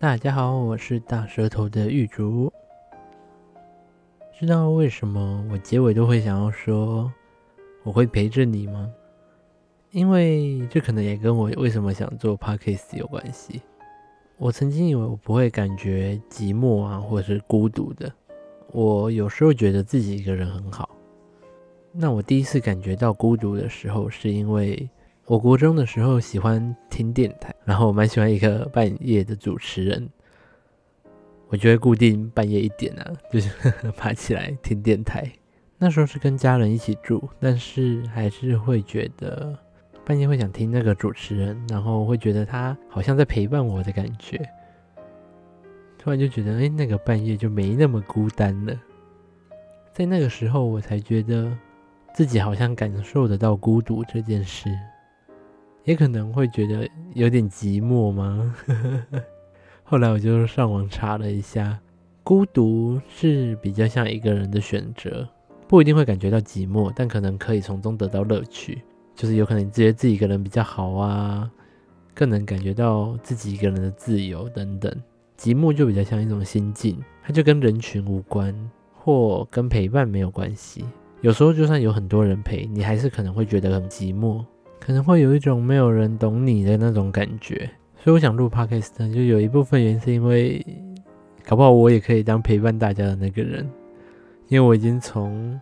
大家好，我是大舌頭的玉竹。知道為什麼我結尾都會想要說我會陪着你嗎？因為這可能也跟我為什麼想做 Podcast 有關係。我曾經以為我不會感覺寂寞啊，或者是孤獨的。我有時候覺得自己一個人很好。那我第一次感覺到孤獨的時候，是因為，我國中的時候喜歡聽電台，然後我蠻喜歡一個半夜的主持人，我就會固定半夜一點啊，就是 爬起來聽電台。那時候是跟家人一起住，但是還是會覺得半夜會想聽那個主持人，然後會覺得他好像在陪伴我的感覺。突然就覺得，欸，那個半夜就沒那麼孤單了。在那個時候，我才覺得自己好像感受得到孤獨這件事。也可能會覺得有點寂寞嗎？ 後來我就上網查了一下，孤獨是比較像一個人的選擇，不一定會感覺到寂寞，但可能可以從中得到樂趣。就是有可能覺得自己一個人比較好啊，更能感覺到自己一個人的自由等等。寂寞就比較像一種心境，它就跟人群無關，或跟陪伴沒有關係。有時候就算有很多人陪，你還是可能會覺得很寂寞。可能會有一種沒有人懂你的那種感覺，所以我想錄 podcast 就有一部分原因是因為，搞不好我也可以當陪伴大家的那個人，因為我已經從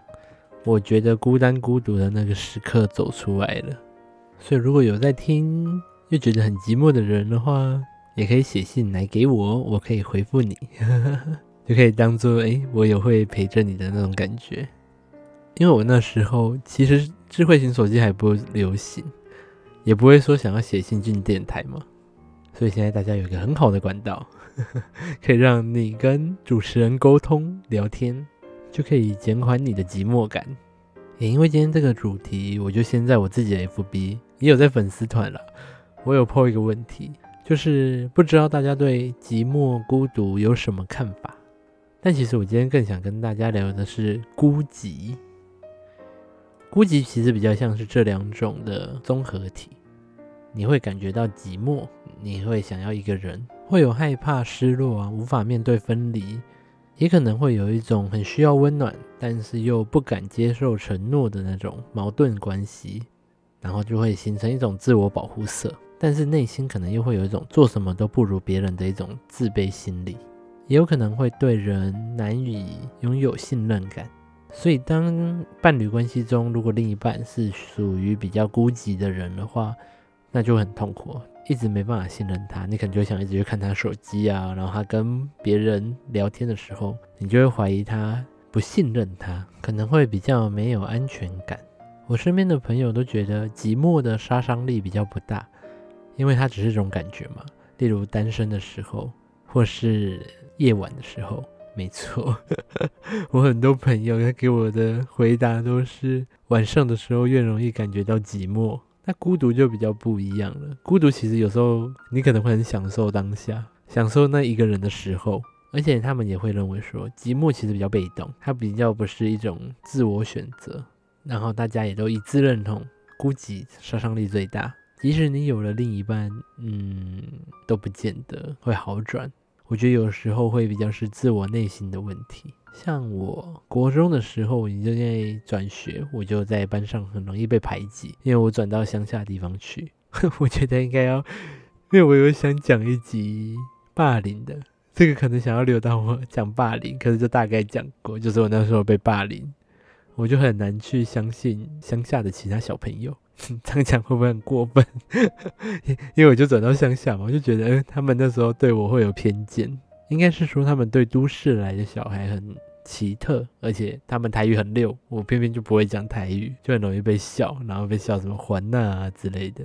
我覺得孤單孤獨的那個時刻走出來了。所以如果有在聽又覺得很寂寞的人的話，也可以寫信來給我，我可以回復你， 就可以當做誒、欸，我也會陪着你的那種感覺，因為我那時候其實。智慧型手機還不流行，也不會說想要寫信進電台嘛。所以現在大家有一個很好的管道，呵呵可以讓你跟主持人溝通聊天，就可以減緩你的寂寞感。也因為今天這個主題，我就先在我自己的 FB 也有在粉絲團了，我有拋一個問題，就是不知道大家對寂寞、孤獨有什麼看法？但其實我今天更想跟大家聊的是孤寂。孤寂其實比較像是這兩種的綜合體，你會感覺到寂寞，你會想要一個人，會有害怕、失落啊，無法面對分離，也可能會有一種很需要溫暖，但是又不敢接受承諾的那種矛盾關係，然後就會形成一種自我保護色，但是內心可能又會有一種做什麼都不如別人的一種自卑心理，也有可能會對人難以擁有信任感。所以，當伴侶關係中，如果另一半是屬於比較孤寂的人的話，那就很痛苦，一直沒辦法信任他。你可能就想一直去看他手機啊，然後他跟別人聊天的時候，你就會懷疑他，不信任他，可能會比較沒有安全感。我身邊的朋友都覺得寂寞的殺傷力比較不大，因為它只是這種感覺嘛。例如單身的時候，或是夜晚的時候。沒錯， 我很多朋友他給我的回答都是晚上的時候越容易感覺到寂寞，那孤獨就比較不一樣了。孤獨其實有時候你可能會很享受當下，享受那一個人的時候，而且他們也會認為說寂寞其實比較被動，它比較不是一種自我選擇。然後大家也都一致認同，孤寂殺傷力最大，即使你有了另一半，嗯，都不見得會好轉。我覺得有時候會比較是自我內心的問題，像我國中的時候，我正在轉學，我就在班上很容易被排擠，因為我轉到鄉下的地方去。 我覺得應該要，因為我有想講一集霸凌的，這個可能想要留到我講霸凌，可是就大概講過，就是我那時候被霸凌，我就很難去相信鄉下的其他小朋友。這樣講會不會很過分？因為我就轉到鄉下嘛，我就覺得，嗯，他們那時候對我會有偏見，應該是說他們對都市來的小孩很奇特，而且他們台語很溜，我偏偏就不會講台語，就很容易被笑，然後被笑什麼環那啊之類的。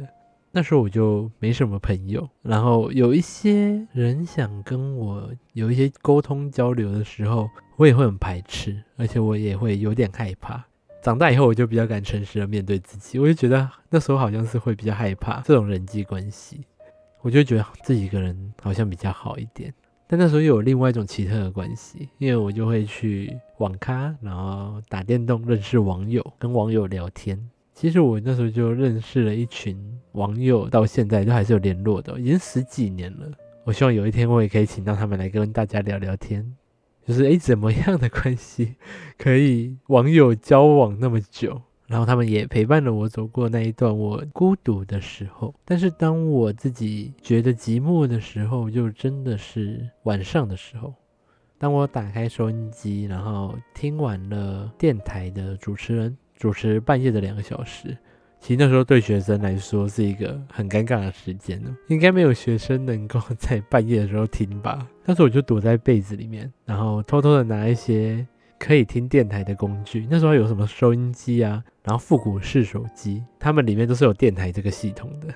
那時候我就沒什麼朋友，然後有一些人想跟我有一些溝通交流的時候，我也會很排斥，而且我也會有點害怕。長大以後，我就比較敢誠實的面對自己。我就覺得那時候好像是會比較害怕這種人際關係，我就覺得自己一個人好像比較好一點。但那時候又有另外一種奇特的關係，因為我就會去網咖，然後打電動認識網友，跟網友聊天。其實我那時候就認識了一群網友，到現在都還是有聯絡的，已經十幾年了。我希望有一天我也可以請到他們來跟大家聊聊天。就是哎，怎麼樣的關係可以網友交往那麼久？然後他們也陪伴了我走過那一段我孤獨的時候。但是當我自己覺得寂寞的時候，就真的是晚上的時候。當我打開收音機，然後聽完了電台的主持人主持半夜的兩個小時。其實那時候對學生來說是一個很尷尬的時間呢，應該沒有學生能夠在半夜的時候聽吧。那時候我就躲在被子裡面，然後偷偷的拿一些可以聽電台的工具。那時候有什麼收音機啊，然後復古式手機，它們裡面都是有電台這個系統的，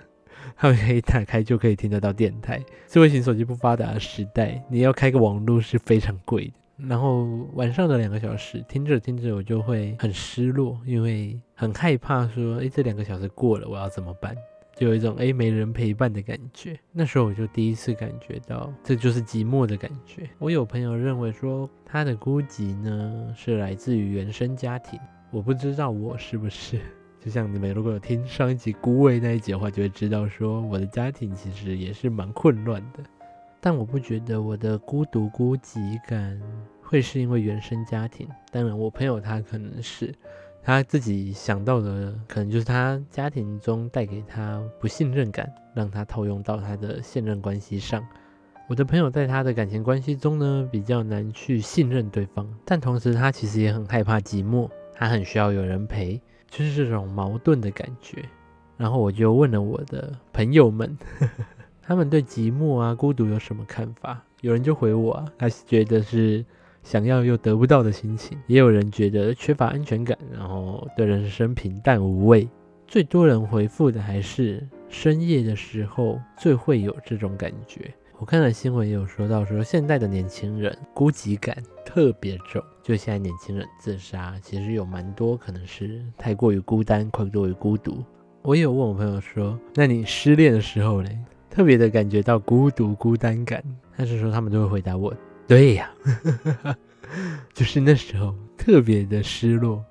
它們可以打開就可以聽得到電台。智慧型手機不發達的時代，你要開個網絡是非常貴的。然後晚上的兩個小時，聽着聽着我就會很失落，因為很害怕說，哎，這兩個小時過了，我要怎麼辦？就有一種哎沒人陪伴的感覺。那時候我就第一次感覺到，這就是寂寞的感覺。我有朋友認為說，他的孤寂呢是來自於原生家庭，我不知道我是不是。 就像你們如果有聽上一集孤味那一集的話，就會知道說，我的家庭其實也是蠻混亂的。但我不覺得我的孤獨孤寂感會是因為原生家庭。當然，我朋友他可能是他自己想到的，可能就是他家庭中帶給他不信任感，讓他套用到他的現任關係上。我的朋友在他的感情關係中呢，比較難去信任對方，但同時他其實也很害怕寂寞，他很需要有人陪，就是這種矛盾的感覺。然後我就問了我的朋友們。呵呵他們對寂寞啊、孤獨有什麼看法？有人就回我啊，他是覺得是想要又得不到的心情。也有人覺得缺乏安全感，然後對人生平淡無味。最多人回復的還是深夜的時候最會有這種感覺。我看了新聞也有說到說，現代的年輕人孤寂感特別重，就現在年輕人自殺，其實有蠻多可能是太過於孤單，或過於孤獨。我也有問我朋友說，那你失戀的時候嘞？特別的感覺到孤獨、孤單感，但是說他們都會回答我：“對呀， 就是那時候特別的失落。”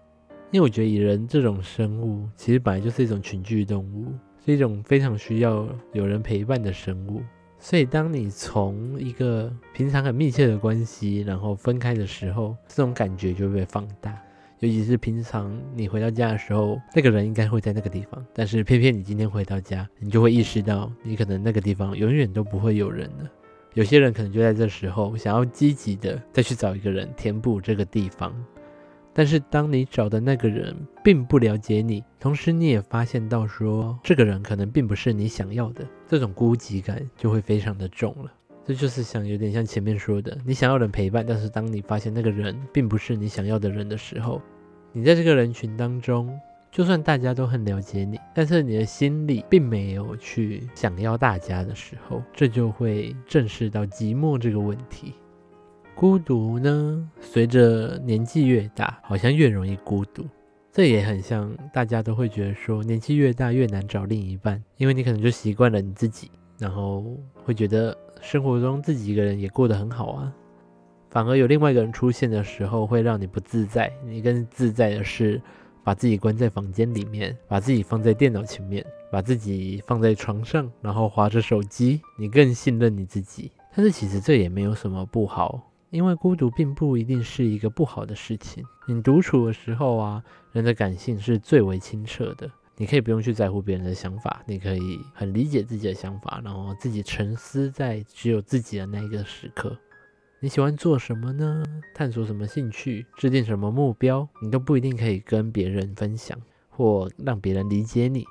因為我覺得，以人這種生物，其實本來就是一種群居動物，是一種非常需要有人陪伴的生物。所以，當你從一個平常很密切的關係，然後分開的時候，這種感覺就會被放大。尤其是平常你回到家的時候，那個人應該會在那個地方，但是偏偏你今天回到家，你就會意識到，你可能那個地方永遠都不會有人了。有些人可能就在這時候想要積極的再去找一個人填補這個地方，但是當你找的那個人並不了解你，同時你也發現到說，這個人可能並不是你想要的，這種孤寂感就會非常的重了。這就是想有點像前面說的，你想要人陪伴，但是當你發現那個人並不是你想要的人的時候，你在這個人群當中，就算大家都很了解你，但是你的心裡並沒有去想要大家的時候，這就會正視到寂寞這個問題。孤獨呢，隨着年紀越大，好像越容易孤獨。這也很像大家都會覺得說，年紀越大越難找另一半，因為你可能就習慣了你自己，然後會覺得。生活中自己一個人也過得很好啊，反而有另外一個人出現的時候會讓你不自在。你更自在的是把自己關在房間裡面，把自己放在電腦前面，把自己放在床上，然後滑著手機。你更信任你自己，但是其實這也沒有什麼不好，因為孤獨並不一定是一個不好的事情。你獨處的時候啊，人的感性是最為清澈的。你可以不用去在乎別人的想法，你可以很理解自己的想法，然後自己沉思在只有自己的那一個時刻。你喜歡做什麼呢？探索什麼興趣？制定什麼目標？你都不一定可以跟別人分享或讓別人理解你。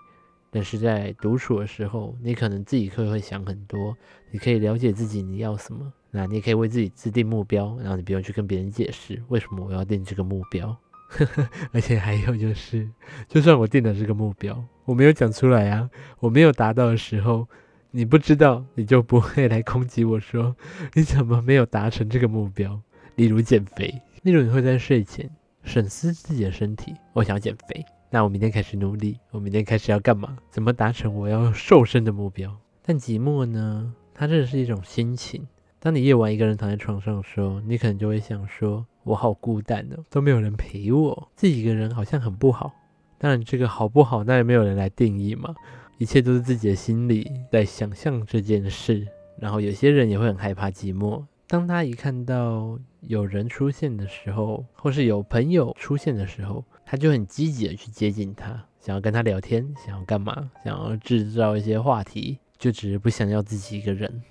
但是在獨處的時候，你可能自己會會想很多。你可以了解自己你要什麼，那你也可以為自己制定目標，然後你不用去跟別人解釋為什麼我要定這個目標。 而且還有就是，就算我定了這個目標，我沒有講出來啊，我沒有達到的時候，你不知道，你就不會來攻擊我說，你怎麼沒有達成這個目標？例如減肥，例如你會在睡前審視自己的身體，我想減肥，那我明天開始努力，我明天開始要幹嘛？怎麼達成我要瘦身的目標？但寂寞呢，它真的是一種心情。當你夜晚一個人躺在床上的時候，你可能就會想說，我好孤單哦，都沒有人陪我，自己一個人好像很不好。當然，這個好不好，那也沒有人來定義嘛。一切都是自己的心理，在想象這件事。然後有些人也會很害怕寂寞，當他一看到有人出現的時候，或是有朋友出現的時候，他就很積極的去接近他，想要跟他聊天，想要幹嘛，想要製造一些話題，就只是不想要自己一個人。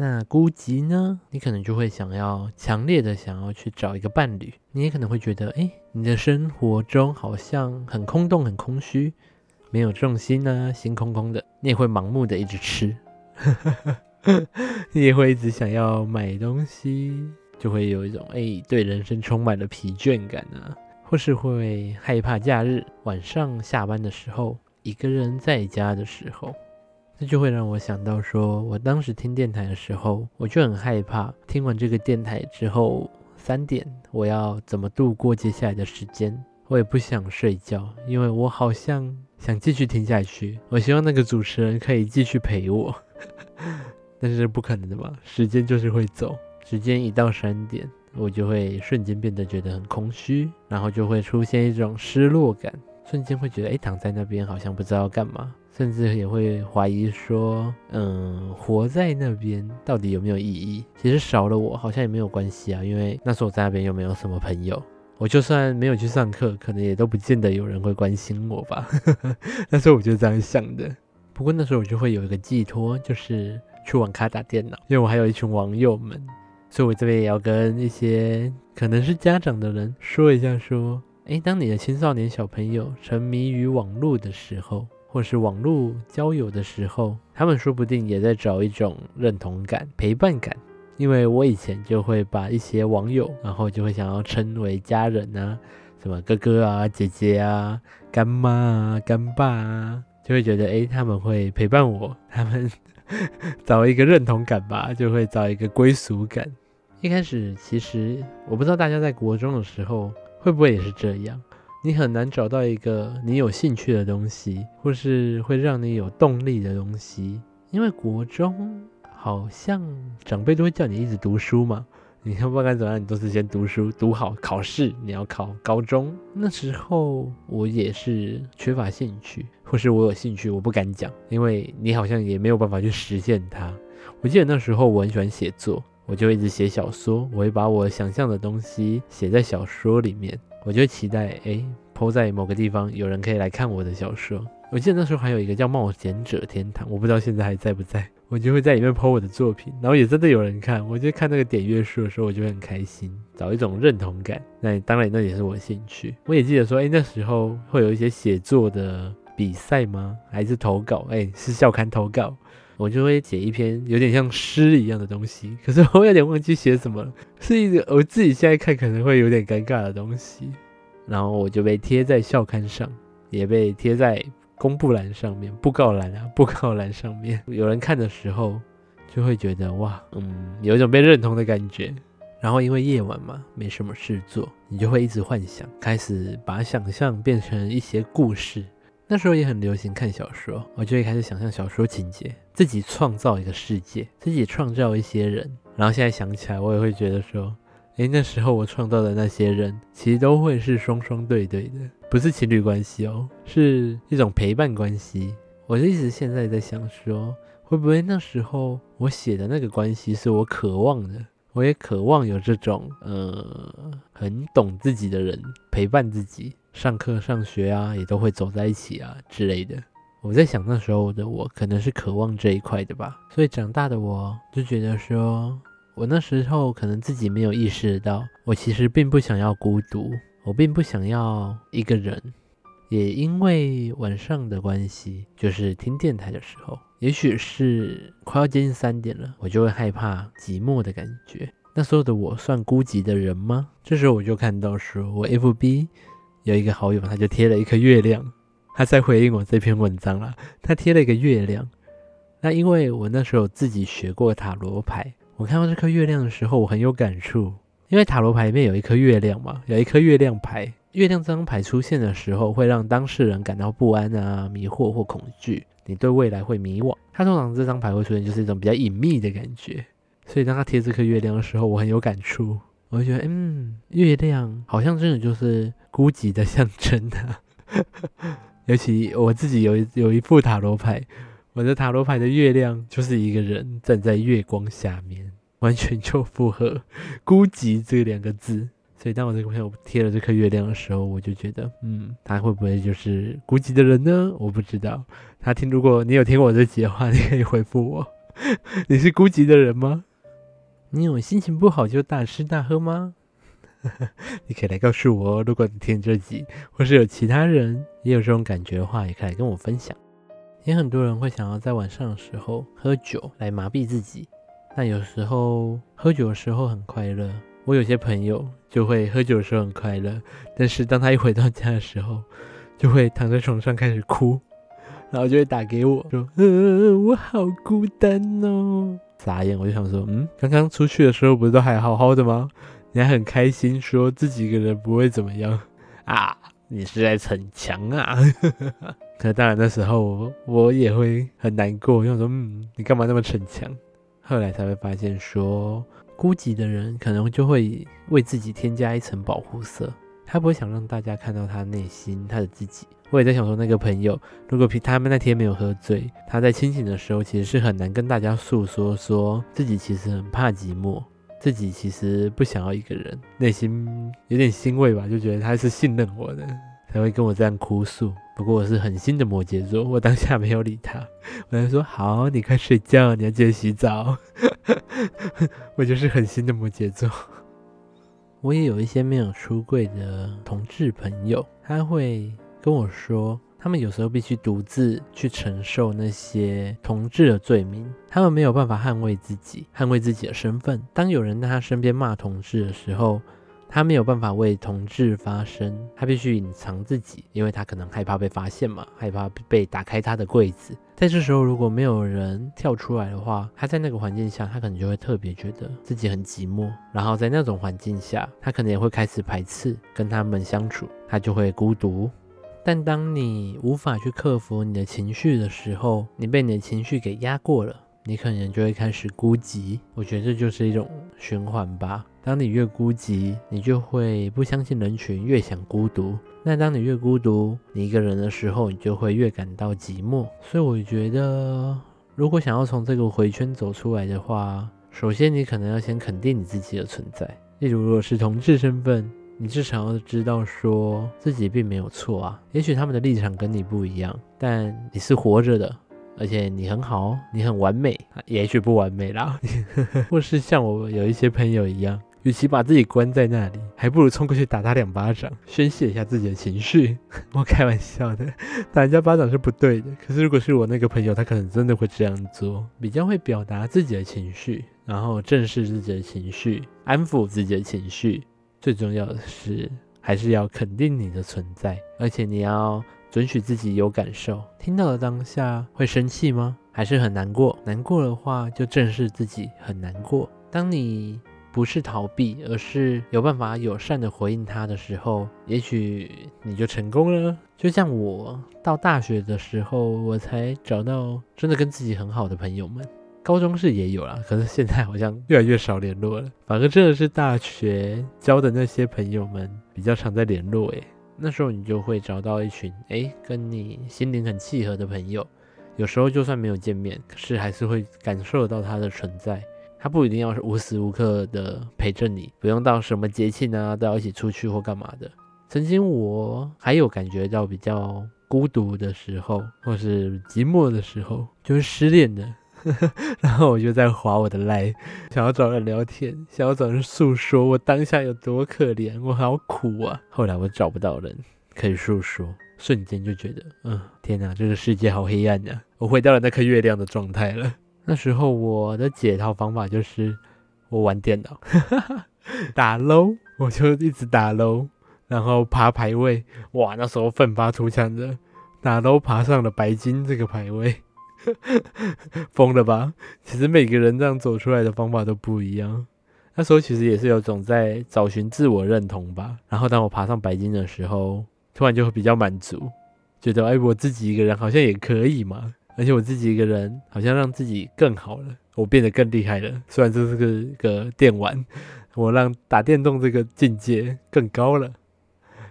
那孤寂呢？你可能就會想要強烈的想要去找一個伴侶，你也可能會覺得，哎、欸，你的生活中好像很空洞、很空虛，沒有重心呢、啊，心空空的。你也會盲目的一直吃， 你也會一直想要買東西，就會有一種哎、欸，對人生充滿了疲倦感呢、啊，或是會害怕假日晚上下班的時候，一個人在家的時候。這就會讓我想到說，說我當時聽電台的時候，我就很害怕。聽完這個電台之後，三點我要怎麼度過接下來的時間？我也不想睡覺，因為我好像想繼續聽下去。我希望那個主持人可以繼續陪我， 但是不可能的嘛，時間就是會走。時間一到三點，我就會瞬間變得覺得很空虛，然後就會出現一種失落感，瞬間會覺得哎，躺在那邊好像不知道要幹嘛。甚至也會懷疑說，嗯，活在那邊到底有沒有意義？其實少了我好像也沒有關係啊，因為那時候我在那邊又沒有什麼朋友，我就算沒有去上課，可能也都不見得有人會關心我吧。 那時候我就這樣想的。不過那時候我就會有一個寄托，就是去網咖打電腦，因為我還有一群網友們，所以我這邊也要跟一些可能是家長的人說一下，說，誒，當你的青少年小朋友沉迷於網絡的時候。或是網絡交友的時候，他們說不定也在找一種認同感、陪伴感。因為我以前就會把一些網友，然後就會想要稱為家人啊，什麼哥哥啊、姐姐啊、乾媽啊、乾爸啊，就會覺得，哎、欸，他們會陪伴我，他們 找一個認同感吧，就會找一個歸屬感。一開始其實我不知道大家在國中的時候會不會也是這樣。你很難找到一個你有興趣的東西，或是會讓你有動力的東西，因為國中好像長輩都會叫你一直讀書嘛，你看不管怎麼樣，你都是先讀書，讀好考試，你要考高中。那時候我也是缺乏興趣，或是我有興趣，我不敢講，因為你好像也沒有辦法去實現它。我記得那時候我很喜歡寫作，我就會一直寫小說，我會把我想象的東西寫在小說裡面。我就期待，誒，PO 在某個地方，有人可以來看我的小說。我記得那時候還有一個叫《冒險者天堂》，我不知道現在還在不在。我就會在裡面 PO 我的作品，然後也真的有人看。我就看那個點閱數的時候，我就會很開心，找一種認同感。那當然，那也是我的興趣。我也記得說，誒、欸，那時候會有一些寫作的比賽嗎？還是投稿？誒、欸，是校刊投稿。我就會寫一篇有點像詩一樣的東西，可是我有點忘記寫什麼了，是一個我自己現在看可能會有點尷尬的東西，然後我就被貼在校刊上，也被貼在公布欄上面，布告欄啊、布告欄上面。有人看的時候，就會覺得哇，嗯，有一種被認同的感覺。然後因為夜晚嘛，沒什麼事做，你就會一直幻想，開始把想象變成一些故事。那時候也很流行看小說，我就會開始想象小說情節。自己創造一個世界，自己創造一些人，然後現在想起來，我也會覺得說，欸，那時候我創造的那些人，其實都會是雙雙對對的，不是情侶關係哦，是一種陪伴關係。我就一直現在在想說，會不會那時候我寫的那個關係是我渴望的，我也渴望有這種呃很懂自己的人陪伴自己，上課上學啊，也都會走在一起啊之類的。我在想那時候的我可能是渴望這一塊的吧，所以長大的我就覺得說，我那時候可能自己沒有意識到，我其實並不想要孤獨，我並不想要一個人。也因為晚上的關係，就是聽電臺的時候，也許是快要接近三點了，我就會害怕寂寞的感覺。那那時候的我算孤寂的人嗎？這時候我就看到說，我 FB 有一個好友，他就貼了一顆月亮。他在回應我這篇文章了。他貼了一個月亮。那因為我那時候自己學過塔羅牌，我看到這顆月亮的時候，我很有感觸。因為塔羅牌裡面有一顆月亮嘛，有一顆月亮牌。月亮這張牌出現的時候，會讓當事人感到不安啊、迷惑或恐懼。你對未來會迷惘。他通常這張牌會出現，就是一種比較隱秘的感覺。所以當他貼這顆月亮的時候，我很有感觸。我就覺得，欸、嗯，月亮好像真的就是孤寂的象徵啊。 尤其我自己有一有一副塔羅牌，我的塔羅牌的月亮就是一個人站在月光下面，完全就符合“孤寂”這兩個字。所以，當我這個朋友貼了這顆月亮的時候，我就覺得，嗯，他會不會就是孤寂的人呢？我不知道。他聽，如果你有聽過我這集的話，你可以回復我， 你是孤寂的人嗎？你有心情不好就大吃大喝嗎？ 你可以來告訴我。如果你聽這集，或是有其他人。也有這種感覺的話，也可以來跟我分享。也很多人會想要在晚上的時候喝酒來麻痹自己。那有時候喝酒的時候很快樂，我有些朋友就會喝酒的時候很快樂，但是當他一回到家的時候，就會躺在床上開始哭，然後就會打給我，說：“啊、我好孤單哦。”傻眼，我就想說：“嗯，剛剛出去的時候不是都還好好的嗎？你還很開心，說自己一個人不會怎麼樣啊？”你是在逞強啊？ 可當然，那時候我也會很難過，就說嗯，你幹嘛那麼逞強？後來才會發現說，孤寂的人可能就會為自己添加一層保護色，他不會想讓大家看到他內心，他的自己。我也在想說，那個朋友，如果他們那天沒有喝醉，他在清醒的時候，其實是很難跟大家訴說，說自己其實很怕寂寞。自己其實不想要一個人，內心有點欣慰吧，就覺得他是信任我的，才會跟我這樣哭訴。不過我是狠心的摩羯座，我當下沒有理他，我跟他說好，你快睡覺，你要記得洗澡。 我就是狠心的摩羯座。我也有一些沒有出櫃的同志朋友，他會跟我說。他們有時候必須獨自去承受那些同志的罪名，他們沒有辦法捍衛自己，捍衛自己的身份。當有人在他身邊罵同志的時候，他沒有辦法為同志發聲，他必須隱藏自己，因為他可能害怕被發現嘛，害怕被打開他的櫃子。在這時候，如果沒有人跳出來的話，他在那個環境下，他可能就會特別覺得自己很寂寞。然後在那種環境下，他可能也會開始排斥跟他們相處，他就會孤獨。但當你無法去克服你的情緒的時候，你被你的情緒給壓過了，你可能就會開始孤寂。我覺得這就是一種循環吧。當你越孤寂，你就會不相信人群，越想孤獨。那當你越孤獨，你一個人的時候，你就會越感到寂寞。所以我覺得，如果想要從這個回圈走出來的話，首先你可能要先肯定你自己的存在，例如如果是同志身份。你至少要知道，說自己並沒有錯啊。也許他們的立場跟你不一樣，但你是活着的，而且你很好，你很完美，也許不完美啦。 或是像我有一些朋友一樣，與其把自己關在那裡，還不如衝過去打他兩巴掌，宣洩一下自己的情緒。我開玩笑的，打人家巴掌是不對的。可是，如果是我那個朋友，他可能真的會這樣做，比較會表達自己的情緒，然後正視自己的情緒，安撫自己的情緒。最重要的是，還是要肯定你的存在，而且你要准許自己有感受。聽到了當下，會生氣嗎？還是很難過？難過的話，就正視自己很難過。當你不是逃避，而是有辦法友善地回應他的時候，也許你就成功了。就像我到大學的時候，我才找到真的跟自己很好的朋友們。高中是也有啦，可是現在好像越來越少聯絡了。反正真的是大學交的那些朋友們比較常在聯絡、欸。哎，那時候你就會找到一群，哎、欸，跟你心靈很契合的朋友。有時候就算沒有見面，可是還是會感受得到他的存在。他不一定要無時無刻的陪着你，不用到什麼節慶啊都要一起出去或幹嘛的。曾經我還有感覺到比較孤獨的時候，或是寂寞的時候，就是失戀的。 然後我就在劃我的賴，想要找人聊天，想要找人訴說我當下有多可憐，我好苦啊！後來我找不到人可以訴說，瞬間就覺得，嗯、呃，天哪，這個世界好黑暗呀、啊！我回到了那顆月亮的狀態了。那時候我的解套方法就是，我玩電腦， 打擼，我就一直打擼，然後爬排位，哇，那時候奮發圖強的，打擼，爬上了白金這個排位。瘋 了吧！其實每個人這樣走出來的方法都不一樣。那時候其實也是有種在找尋自我認同吧。然後當我爬上白金的時候，突然就會比較滿足，覺得哎、欸，我自己一個人好像也可以嘛。而且我自己一個人好像讓自己更好了，我變得更厲害了。雖然這是個個電玩，我讓打電動這個境界更高了。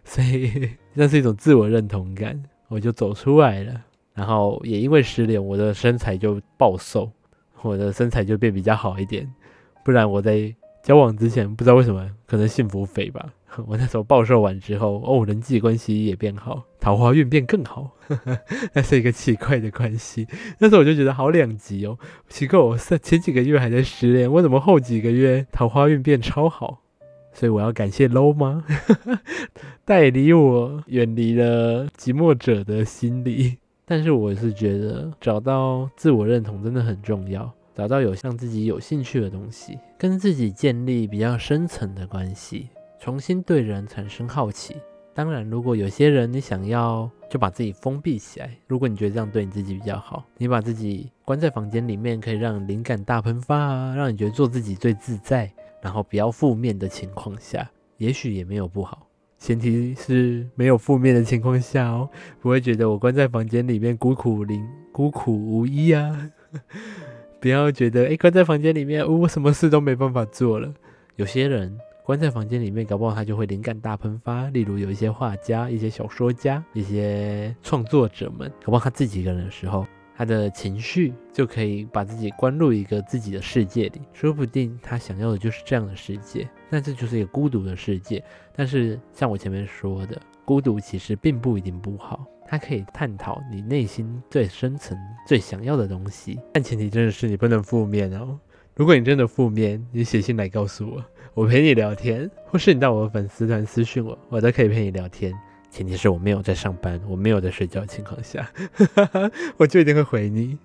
所以那是一種自我認同感，我就走出來了。然後也因為失戀，我的身材就暴瘦，我的身材就變比較好一點。不然我在交往之前不知道為什麼，可能幸福肥吧。我那時候暴瘦完之後，哦，人際關係也變好，桃花運變更好。呵呵，那是一個奇怪的關係。那時候我就覺得好兩極哦，奇怪，我前幾個月還在失戀，我怎麼後幾個月桃花運變超好？所以我要感謝 low 嗎？呵呵，帶離我，遠離了寂寞者的心理。但是我是覺得找到自我認同真的很重要，找到有讓自己有興趣的東西，跟自己建立比較深層的關係，重新對人產生好奇。當然，如果有些人你想要就把自己封閉起來，如果你覺得這樣對你自己比較好，你把自己關在房間裡面，可以讓靈感大噴發啊，讓你覺得做自己最自在，然後比較負面的情況下，也許也沒有不好。前提是沒有負面的情況下哦，不會覺得我關在房間裡面孤苦伶孤苦無依啊！ 不要覺得哎、欸，關在房間裡面，我什麼事都沒辦法做了。有些人關在房間裡面，搞不好他就會靈感大噴發。例如有一些畫家、一些小說家、一些創作者們，搞不好他自己一個人的時候。他的情緒就可以把自己關入一個自己的世界裡，說不定他想要的就是這樣的世界。那這就是一個孤獨的世界。但是像我前面說的，孤獨其實並不一定不好，它可以探討你內心最深層、最想要的東西。但前提真的是你不能負面哦。如果你真的負面，你寫信來告訴我，我陪你聊天，或是你到我的粉絲團私信我，哦，我都可以陪你聊天。前提是我沒有在上班，我沒有在睡覺的情況下，哈哈哈，我就一定會回你。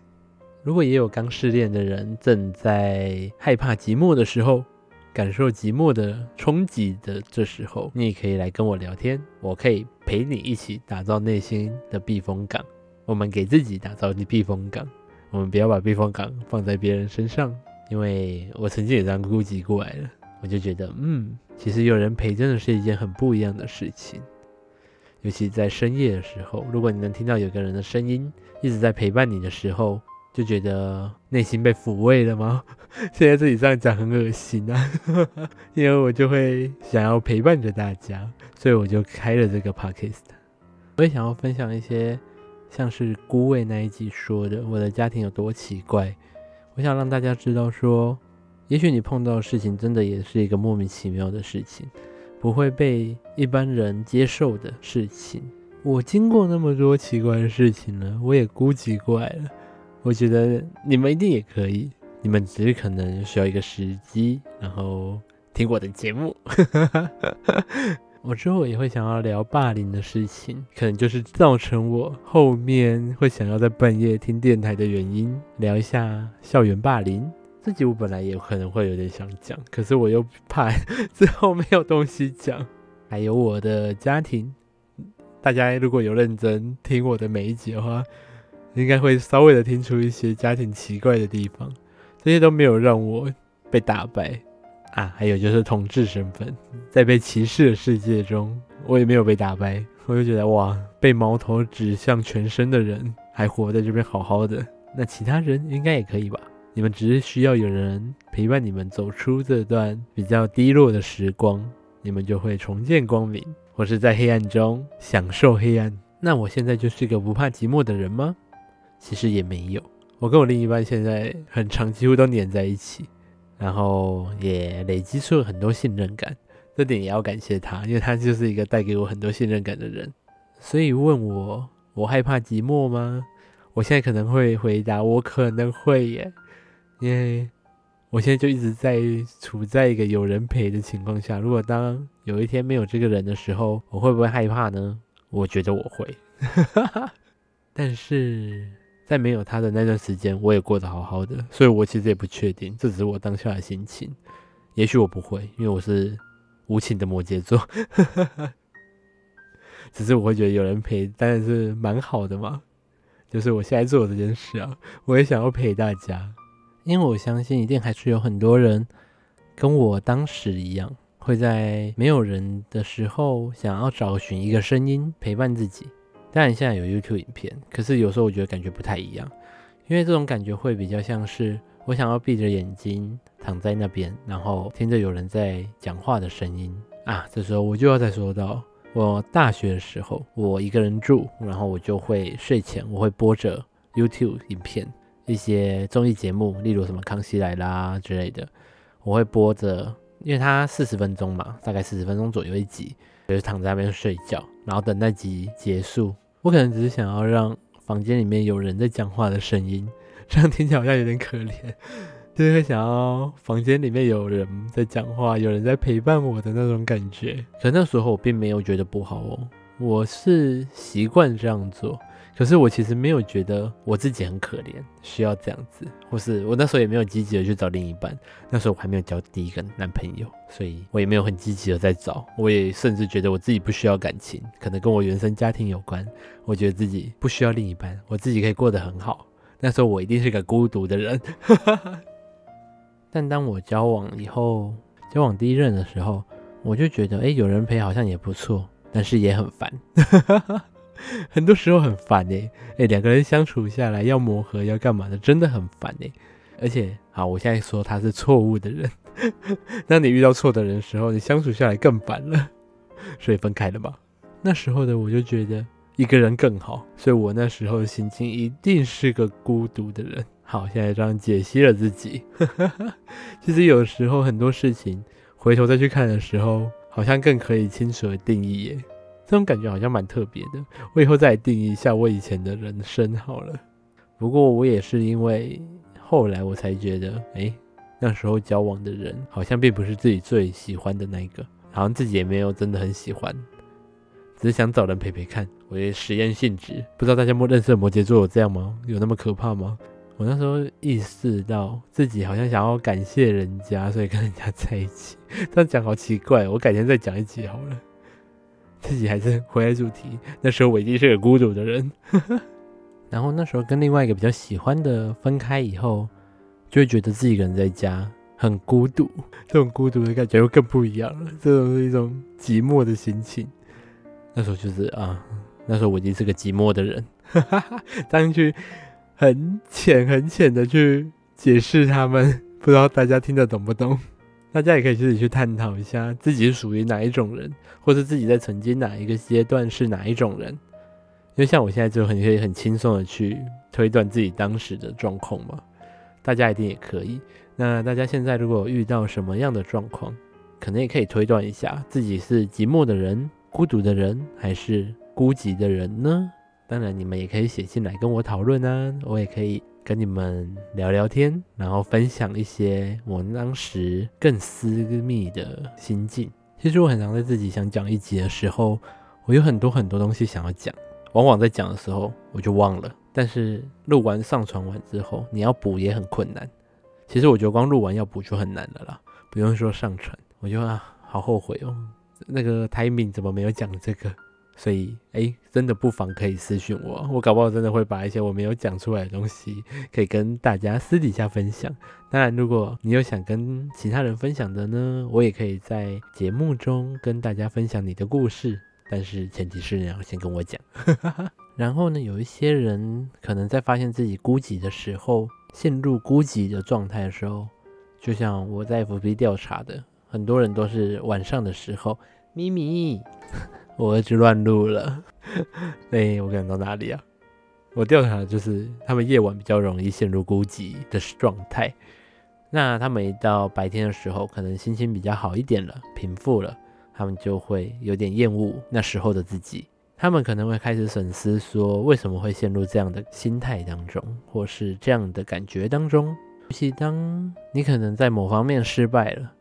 如果也有剛失戀的人正在害怕寂寞的時候，感受寂寞的衝擊的這時候，你也可以來跟我聊天，我可以陪你一起打造內心的避風港。我們給自己打造的避風港，我們不要把避風港放在別人身上，因為我曾經也當孤寂過來了，我就覺得，嗯，其實有人陪真的是一件很不一樣的事情。尤其在深夜的時候，如果你能聽到有個人的聲音一直在陪伴你的時候，就覺得內心被撫慰了嗎？ 現在自己這樣講很噁心啊， 因為我就會想要陪伴着大家，所以我就開了這個 Podcast。我也想要分享一些，像是孤味那一集說的，我的家庭有多奇怪。我想讓大家知道說，說也許你碰到的事情，真的也是一個莫名其妙的事情。不會被一般人接受的事情，我經過那麼多奇怪的事情了，我也夠奇怪了。我覺得你們一定也可以，你們只可能需要一個時機，然後聽我的節目。 我之後也會想要聊霸凌的事情，可能就是造成我後面會想要在半夜聽電台的原因。聊一下校園霸凌。這集我本來也可能會有點想講，可是我又怕最後沒有東西講。還有我的家庭，大家如果有認真聽我的每一集的話，應該會稍微的聽出一些家庭奇怪的地方。這些都沒有讓我被打敗啊！還有就是同志身份，在被歧視的世界中，我也沒有被打敗。我就覺得哇，被矛頭指向全身的人還活在這邊好好的，那其他人應該也可以吧。你們只是需要有人陪伴你們走出這段比較低落的時光，你們就會重見光明，或是在黑暗中享受黑暗。那我現在就是一個不怕寂寞的人嗎？其實也沒有，我跟我另一半現在很長，幾乎都黏在一起，然後也累積出了很多信任感。這點也要感謝他，因為他就是一個帶給我很多信任感的人。所以問我，我害怕寂寞嗎？我現在可能會回答，我可能會耶。因、yeah, 為我現在就一直在處在一個有人陪的情況下，如果當有一天沒有這個人的時候，我會不會害怕呢？我覺得我會。 但是在沒有他的那段時間，我也過得好好的，所以我其實也不確定，這只是我當下的心情。也許我不會，因為我是無情的摩羯座， 只是我會覺得有人陪當然是蠻好的嘛。就是我現在做的這件事啊，我也想要陪大家。因為我相信，一定還是有很多人跟我當時一樣，會在沒有人的時候想要找尋一個聲音陪伴自己。當然，現在有 YouTube 影片，可是有時候我覺得感覺不太一樣，因為這種感覺會比較像是我想要閉着眼睛躺在那邊，然後聽着有人在講話的聲音啊。這時候我就要再說到，我大學的時候，我一個人住，然後我就會睡前我會播着 YouTube 影片。一些綜藝節目，例如什麼《康熙來啦》之類的，我會播着，因為它四十分鐘嘛，大概四十分鐘左右一集，就是、躺在那邊睡覺，然後等那集結束。我可能只是想要讓房間裡面有人在講話的聲音，這樣聽起來好像有點可憐，就是會想要房間裡面有人在講話，有人在陪伴我的那種感覺。可那時候我並沒有覺得不好哦，我是習慣這樣做。可是我其實沒有覺得我自己很可憐，需要這樣子，或是我那時候也沒有積極的去找另一半。那時候我還沒有交第一個男朋友，所以我也沒有很積極的在找。我也甚至覺得我自己不需要感情，可能跟我原生家庭有關。我覺得自己不需要另一半，我自己可以過得很好。那時候我一定是個孤獨的人。 但當我交往以後，交往第一任的時候，我就覺得，哎、欸，有人陪好像也不錯，但是也很煩。 很多時候很煩哎、欸，誒、欸，兩個人相處下來要磨合、要幹嘛的，真的很煩哎、欸。而且，好，我現在說他是錯誤的人，當 你遇到錯的人的時候，你相處下來更煩了，所以分開了吧？那時候的我就覺得一個人更好，所以我那時候的心情一定是個孤獨的人。好，現在這樣解析了自己， 其實有時候很多事情回頭再去看的時候，好像更可以清楚的定義耶、欸。這種感覺好像蠻特別的，我以後再來定義一下我以前的人生好了。不過我也是因為後來我才覺得，哎、欸，那時候交往的人好像並不是自己最喜歡的那一個，好像自己也沒有真的很喜歡，只是想找人陪陪看，我也實驗性質。不知道大家有沒有認識的摩羯座有這樣嗎？有那麼可怕嗎？我那時候意識到自己好像想要感謝人家，所以跟人家在一起。 這樣講好奇怪，我改天再講一集好了。自己還是回來主題。那時候我已經是個孤獨的人， 然後那時候跟另外一個比較喜歡的分開以後，就會覺得自己一個人在家很孤獨，這種孤獨的感覺又更不一樣了，這種是一種寂寞的心情。那時候就是啊，那時候我已經是個寂寞的人，哈哈哈。當然去很淺很淺的去解釋他們，不知道大家聽得懂不懂。大家也可以自己去探討一下，自己是屬於哪一種人，或是自己在曾經哪一個階段是哪一種人。因為像我現在就很可以很輕鬆的去推斷自己當時的狀況嘛，大家一定也可以。那大家現在如果遇到什麼樣的狀況，可能也可以推斷一下自己是寂寞的人、孤獨的人還是孤寂的人呢？當然，你們也可以寫信來跟我討論啊，我也可以。跟你們聊聊天，然後分享一些我當時更私密的心境。其實我很常在自己想講一集的時候，我有很多很多東西想要講，往往在講的時候我就忘了。但是錄完上傳完之後，你要補也很困難。其實我覺得光錄完要補就很難了啦，不用說上傳，我就啊好後悔哦，那個 timing 怎麼沒有講這個？所以，哎，真的不妨可以私訊我，我搞不好真的會把一些我沒有講出來的東西，可以跟大家私底下分享。當然，如果你有想跟其他人分享的呢，我也可以在節目中跟大家分享你的故事。但是前提是你要先跟我講。 然後呢，有一些人可能在發現自己孤寂的時候，陷入孤寂的狀態的時候，就像我在 FB 調查的，很多人都是晚上的時候，咪咪。 我一直亂錄了。 哎、欸，我講到哪裡啊？我調查的就是他們夜晚比較容易陷入孤寂的狀態，那他們一到白天的時候，可能心情比較好一點了，平復了，他們就會有點厭惡那時候的自己，他們可能會開始反思說，為什麼會陷入這樣的心態當中，或是這樣的感覺當中，尤其當你可能在某方面失敗了。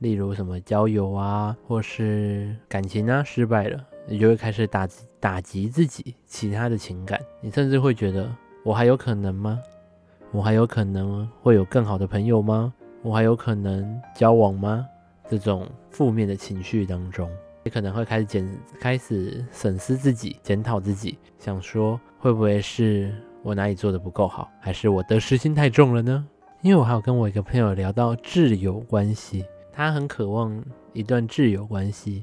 例如什麼交友啊，或是感情啊，失敗了，你就會開始打擊打擊自己，其他的情感，你甚至會覺得我還有可能嗎？我還有可能會有更好的朋友嗎？我還有可能交往嗎？這種負面的情緒當中，你可能會開始檢開始審視自己，檢討自己，想說會不會是我哪裡做的不夠好，還是我得失心太重了呢？因為我還有跟我一個朋友聊到摯友關係。他很渴望一段摯友關係，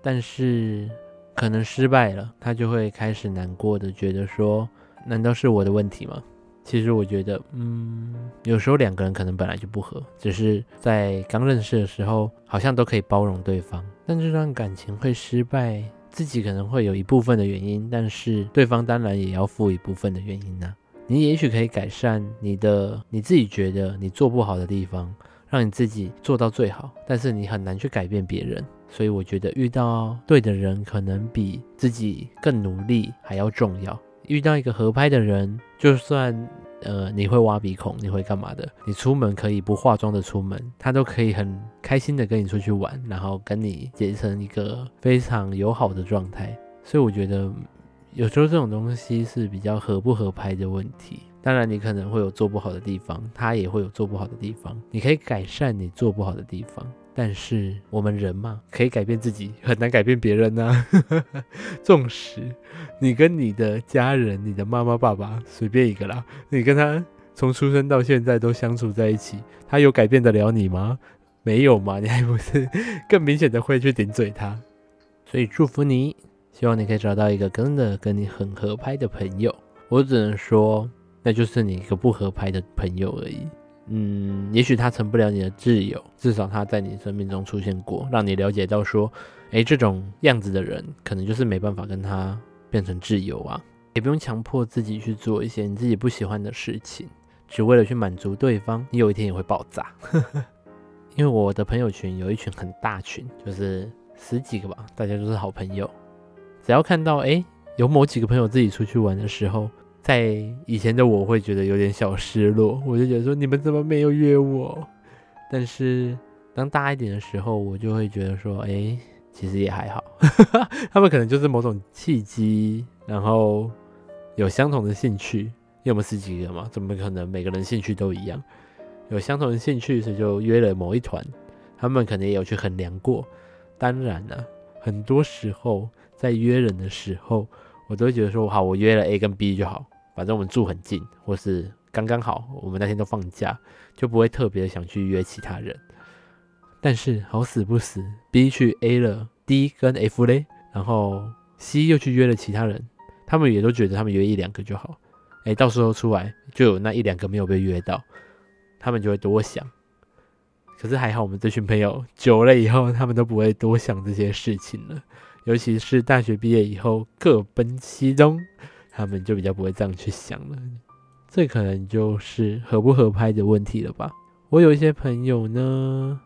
但是可能失敗了，他就會開始難過的覺得說：“難道是我的問題嗎？”其實我覺得，嗯，有時候兩個人可能本來就不合，只是在剛認識的時候好像都可以包容對方，但這段感情會失敗，自己可能會有一部分的原因，但是對方當然也要負一部分的原因呢、啊。你也許可以改善你的你自己覺得你做不好的地方。讓你自己做到最好，但是你很難去改變別人，所以我覺得遇到對的人，可能比自己更努力還要重要。遇到一個合拍的人，就算呃你會挖鼻孔，你會幹嘛的，你出門可以不化妝的出門，他都可以很開心的跟你出去玩，然後跟你結成一個非常友好的狀態。所以我覺得有時候這種東西是比較合不合拍的問題。當然，你可能會有做不好的地方，他也會有做不好的地方。你可以改善你做不好的地方，但是我們人嘛，可以改變自己，很難改變別人呢、啊。 縱使你跟你的家人，你的媽媽、爸爸，隨便一個啦，你跟他從出生到現在都相處在一起，他有改變得了你嗎？沒有嘛，你還不是更明顯的會去頂嘴他。所以祝福你，希望你可以找到一個真的跟你很合拍的朋友。我只能說。那就是你一個不合拍的朋友而已。嗯，也許他成不了你的摯友，至少他在你生命中出現過，讓你了解到說，哎、欸，這種樣子的人可能就是沒辦法跟他變成摯友啊。也不用強迫自己去做一些你自己不喜歡的事情，只為了去滿足對方，你有一天也會爆炸。 因為我的朋友群有一群很大群，就是十幾個吧，大家都是好朋友。只要看到哎、欸，有某幾個朋友自己出去玩的時候。在以前的我會覺得有點小失落，我就覺得說你們怎麼沒有約我？但是當大一點的時候，我就會覺得說，哎，其實也還好。 他們可能就是某種契機，然後有相同的興趣，因為我們十幾個嘛，怎麼可能每個人興趣都一樣？有相同的興趣，所以就約了某一團。他們可能也有去衡量過。當然了，啊，很多時候在約人的時候，我都覺得說好，我約了 A 跟 B 就好。反正我們住很近，或是剛剛好，我們那天都放假，就不會特別想去約其他人。但是好死不死，B 去 A 了，D 跟 F 嘞，然後 C 又去約了其他人，他們也都覺得他們約一兩個就好。哎、欸，到時候出來就有那一兩個沒有被約到，他們就會多想。可是還好，我們這群朋友久了以後，他們都不會多想這些事情了。尤其是大學畢業以後，各奔西東。他們就比較不會這樣去想了，這可能就是合不合拍的問題了吧。我有一些朋友呢，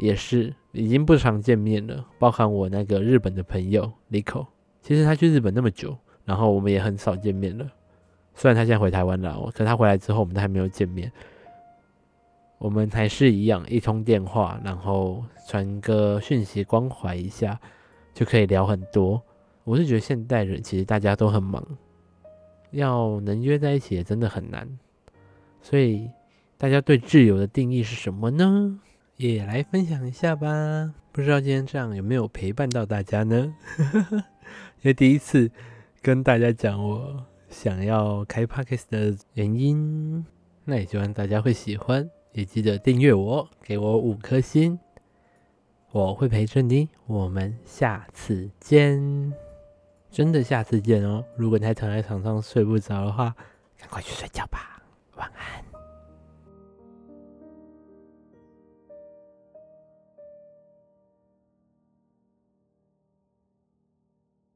也是已經不常見面了，包含我那個日本的朋友 Nico。其實他去日本那麼久，然後我們也很少見面了。雖然他現在回台灣了，可他回來之後我們都還沒有見面。我們還是一樣，一通電話，然後傳個訊息關懷一下，就可以聊很多。我是覺得現代人其實大家都很忙。要能約在一起也真的很難，所以大家對摯友的定義是什麼呢？也來分享一下吧。不知道今天這樣有沒有陪伴到大家呢？ 因為第一次跟大家講我想要開 podcast 的原因，那也希望大家會喜歡，也記得訂閱我，給我五顆星，我會陪着你。我們下次見。真的，下次見哦！如果你還躺在床上睡不着的話，趕快去睡覺吧，晚安。